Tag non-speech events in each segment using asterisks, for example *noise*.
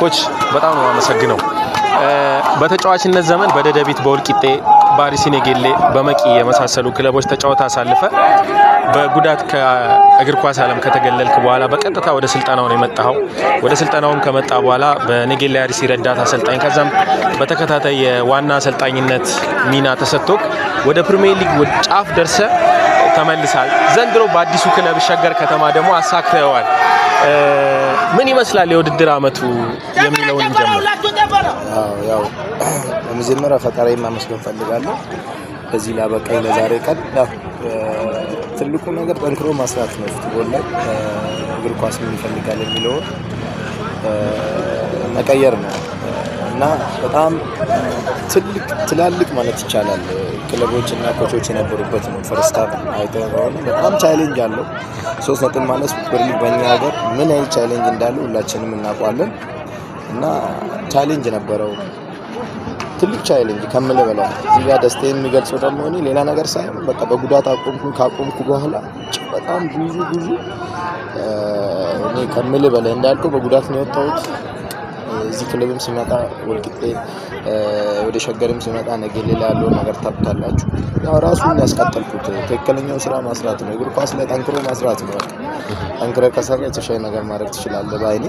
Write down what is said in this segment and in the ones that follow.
ኮች በጣም ነው አመሰግነው። በተጫዋችነት ዘመን በደደቢት፣ በወልቂጤ፣ በአርሲ ነገሌ፣ በመቂ የመሳሰሉ ክለቦች ተጫወታ አሳልፈ በጉዳት ከእግር ኳስ ዓለም ከተገለልክ በኋላ በቀጥታ ወደ ስልጠናው ነው የመጣኸው። ወደ ስልጠናውም ከመጣ በኋላ በነጌሌ አርሲ ረዳት አሰልጣኝ ከዛም በተከታታይ የዋና አሰልጣኝነት ሚና ተሰጥቶክ ወደ ፕሪሚየር ሊግ ጫፍ ደርሰ ተመልሳል። ዘንድሮ በአዲሱ ክለብ ሸገር ከተማ ደግሞ አሳክተዋል። ምን ይመስላል የውድድር አመቱ የሚለውን እንጀምር። ያው በመጀመሪያ ፈጣሪ ማመስገን ፈልጋለሁ በዚህ ላበቃኝ ለዛሬ ቀን። ትልቁ ነገር ጠንክሮ ማስራት ነው። ፉትቦል ላይ እግር ኳስ ምን ይፈልጋል የሚለውን መቀየር ነው እና በጣም ትልቅ ትላልቅ ማለት ይቻላል ክለቦች እና ኮቾች የነበሩበት ነው። ፈርስታ አይተሆኑ በጣም ቻሌንጅ አለው። ሶስት ነጥብ ማለት ሱፐር ሊግ በእኛ ሀገር ምን አይነት ቻሌንጅ እንዳለ ሁላችንም እናውቋለን። እና ቻሌንጅ ነበረው ትልቅ ቻሌንጅ ከምል በላይ እዚህ ጋር ደስታ የሚገልጸው ደግሞ እኔ ሌላ ነገር ሳይሆን በቃ በጉዳት አቆምኩ ካቆምኩ በኋላ በጣም ብዙ ብዙ እኔ ከምልህ በላይ እንዳልከው በጉዳት ነው የወጣሁት። እዚህ ክለብም ሲመጣ ወልቂጤ ወደ ሸገርም ሲመጣ ነገ ሌላ ያለው ነገር ታብታላችሁ። ያው ራሱ ያስቀጠልኩት ትክክለኛው ስራ ማስራት ነው። እግር ኳስ ላይ ጠንክሮ ማስራት ነው። ጠንክረ ከሰራ የተሻለ ነገር ማድረግ ትችላለህ በአይኔ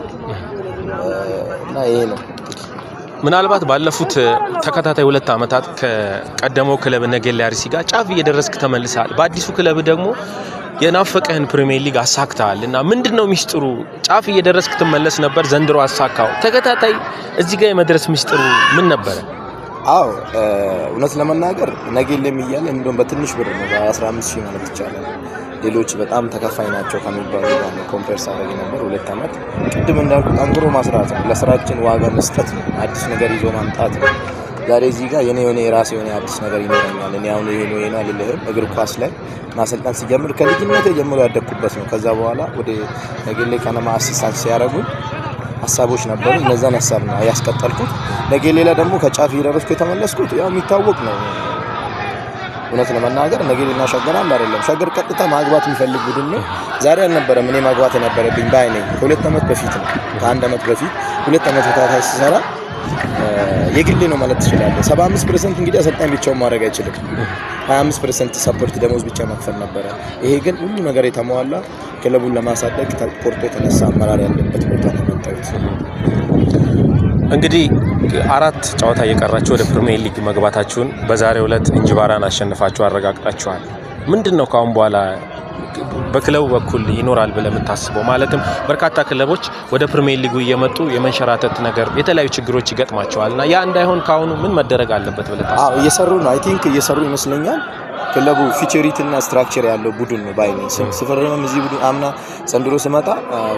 እና ይሄ ነው። ምናልባት ባለፉት ተከታታይ ሁለት ዓመታት ከቀደመው ክለብ ነገሌ አርሲ ጋር ጫፍ እየደረስክ ተመልሰሃል። በአዲሱ ክለብ ደግሞ የናፈቀህን ፕሪሚየር ሊግ አሳክተሃል እና ምንድን ነው ሚስጥሩ? ጫፍ እየደረስክ ትመለስ ነበር፣ ዘንድሮ አሳካው። ተከታታይ እዚህ ጋር የመድረስ ሚስጥሩ ምን ነበረ? አዎ እውነት ለመናገር ነገ የለም እያለ እንደውም በትንሽ ብር ነው በ15 ሺህ ማለት ይቻላል። ሌሎች በጣም ተከፋይ ናቸው ከሚባሉ ጋር ኮምፔር ነበር። ሁለት ዓመት ቅድም እንዳልኩ ጠንክሮ ማስራት ነው፣ ለስራችን ዋጋ መስጠት ነው፣ አዲስ ነገር ይዞ ማምጣት ነው። ዛሬ እዚህ ጋር የኔ የሆነ የራሴ የሆነ አዲስ ነገር ይኖረኛል። እኔ አሁን ይሄ ነው ይሄ ነው አልልህም። እግር ኳስ ላይ ማሰልጠን ሲጀምር ከልጅነት ጀምሮ ያደግኩበት ነው። ከዛ በኋላ ወደ ነገሌ ቀነማ አሲስታንት ሲያደርጉኝ ሀሳቦች ነበሩ። እነዛን ሀሳብ ነው ያስቀጠልኩት። ነጌሌ ላይ ደግሞ ከጫፍ እየደረስኩ የተመለስኩት ያው የሚታወቅ ነው። እውነት ለመናገር ነጌሌና ሸገር አንድ አይደለም። ሸገር ቀጥታ ማግባት የሚፈልግ ቡድን ነው። ዛሬ አልነበረም እኔ ማግባት የነበረብኝ በአይኔ ከሁለት ዓመት በፊት ነው። ከአንድ ዓመት በፊት ሁለት ዓመት ተከታታይ ሲሰራ የግሌ ነው ማለት ትችላለህ። 75 ፐርሰንት እንግዲህ አሰልጣኝ ብቻውን ማድረግ አይችልም። 25 ፐርሰንት ሰፖርት ደሞዝ ብቻ መክፈል ነበረ። ይሄ ግን ሁሉ ነገር የተሟላ ክለቡን ለማሳደግ ተቆርጦ የተነሳ አመራር ያለበት ቦታ ነው መጣሁት። እንግዲህ አራት ጨዋታ እየቀራችሁ ወደ ፕሪሚየር ሊግ መግባታችሁን በዛሬው ዕለት እንጅባራን አሸንፋችሁ አረጋግጣችኋል። ምንድን ነው ከአሁን በኋላ በክለቡ በኩል ይኖራል ብለህ የምታስበው? ማለትም በርካታ ክለቦች ወደ ፕሪሚየር ሊጉ እየመጡ የመንሸራተት ነገር፣ የተለያዩ ችግሮች ይገጥማቸዋል እና ያ እንዳይሆን ከአሁኑ ምን መደረግ አለበት ብለህ ታስበው? እየሰሩ ነው። አይ ቲንክ እየሰሩ ይመስለኛል ክለቡ ፊቸሪት እና ስትራክቸር ያለው ቡድን ነው ባይ ነኝ። ስፈርምም እዚህ ቡድን አምና ዘንድሮ ስመጣ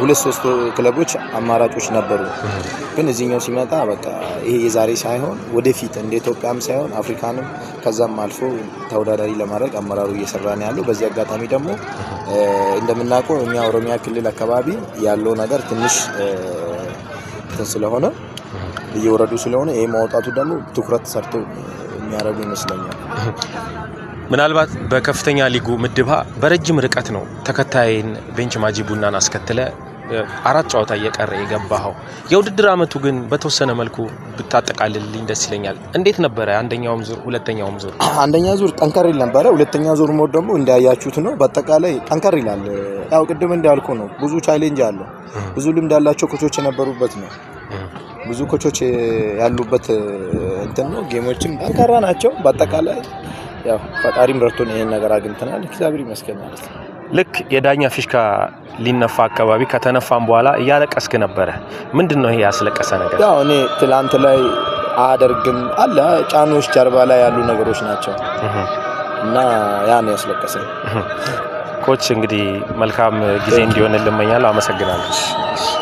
ሁለት ሶስት ክለቦች አማራጮች ነበሩ፣ ግን እዚህኛው ሲመጣ በቃ ይሄ የዛሬ ሳይሆን ወደፊት እንደ ኢትዮጵያም ሳይሆን አፍሪካንም ከዛም አልፎ ተወዳዳሪ ለማድረግ አመራሩ እየሰራ ነው ያለው። በዚህ አጋጣሚ ደግሞ እንደምናውቀው እኛ ኦሮሚያ ክልል አካባቢ ያለው ነገር ትንሽ ስለሆነ እየወረዱ ስለሆነ ይሄ ማውጣቱ ደግሞ ትኩረት ሰርቶ የሚያደርጉ ይመስለኛል። ምናልባት በከፍተኛ ሊጉ ምድብ ሀ በረጅም ርቀት ነው ተከታይን ቤንች ማጂ ቡናን አስከትለ አራት ጨዋታ እየቀረ የገባኸው። የውድድር አመቱ ግን በተወሰነ መልኩ ብታጠቃልልኝ ደስ ይለኛል። እንዴት ነበረ አንደኛውም ዙር ሁለተኛውም ዙር? *clears throat* አንደኛ ዙር ጠንከር ይል ነበረ። ሁለተኛ ዙር ሞት ደግሞ እንዳያችሁት ነው። በአጠቃላይ ጠንከር ይላል። ያው ቅድም እንዳልኩ ነው፣ ብዙ ቻሌንጅ አለው። *clears throat* ብዙ ልምድ ያላቸው ኮቾች የነበሩበት ነው። *clears throat* ብዙ ኮቾች ያሉበት እንትን ነው። ጌሞችም ጠንካራ ናቸው። በአጠቃላይ ያው ፈጣሪም ረድቶን ይሄን ነገር አግኝተናል። እግዚአብሔር ይመስገን ማለት ነው። ልክ የዳኛ ፊሽካ ሊነፋ አካባቢ ከተነፋም በኋላ እያለቀስክ ነበረ። ምንድን ነው ይሄ ያስለቀሰ ነገር? ያው እኔ ትላንት ላይ አደርግም አለ ጫኖች ጀርባ ላይ ያሉ ነገሮች ናቸው እና ያ ነው ያስለቀሰ። ኮች እንግዲህ መልካም ጊዜ እንዲሆን ልመኛለሁ። አመሰግናለሁ።